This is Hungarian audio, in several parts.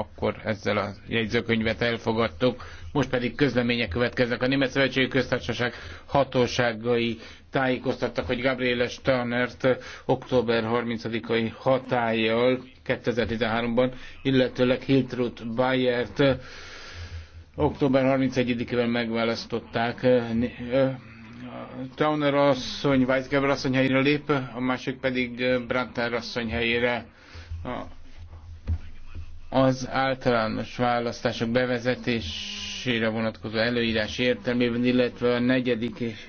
akkor ezzel a jegyzőkönyvet elfogadtuk. Most pedig közlemények következnek. A Német Szövetségi Köztársaság hatóságai tájékoztattak, hogy Gabriele Stannert október 30-ai hatállyal 2013-ban, illetőleg Hiltrud Bayert október 31-ével megválasztották. Towner asszony, Weisgeber asszony helyére lép, a másik pedig Brantner asszony helyére. A az általános választások bevezetésére vonatkozó előírás értelmében, illetve a negyedik és,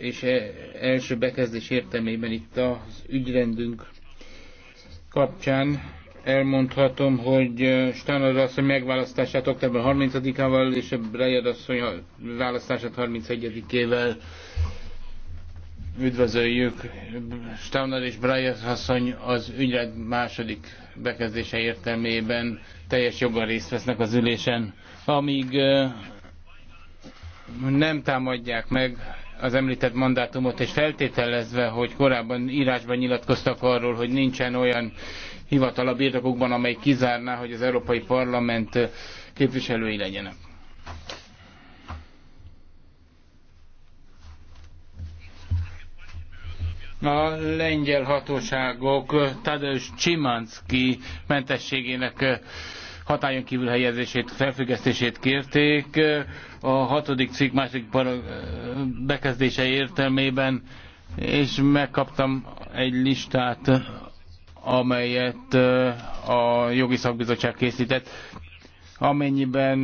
és e, első bekezdés értelmében itt az ügyrendünk kapcsán elmondhatom, hogy Stánor asszony megválasztását október 30-ával és a Breyer asszony választását 31-ével Üdvözöljük Stamner és Breyer asszony az ügylet második bekezdése értelmében teljes joggal részt vesznek az ülésen. Amíg nem támadják meg az említett mandátumot, és feltételezve, hogy korábban írásban nyilatkoztak arról, hogy nincsen olyan hivatal a birtokukban, amely kizárná, hogy az Európai Parlament képviselői legyenek. a lengyel hatóságok Tadeusz Csimanszki mentességének eh, hatályon kívül helyezését, felfüggesztését kérték. Eh, a hatodik cikk második eh, bekezdése értelmében, és megkaptam egy listát, amelyet a jogi szakbizottság készített, amennyiben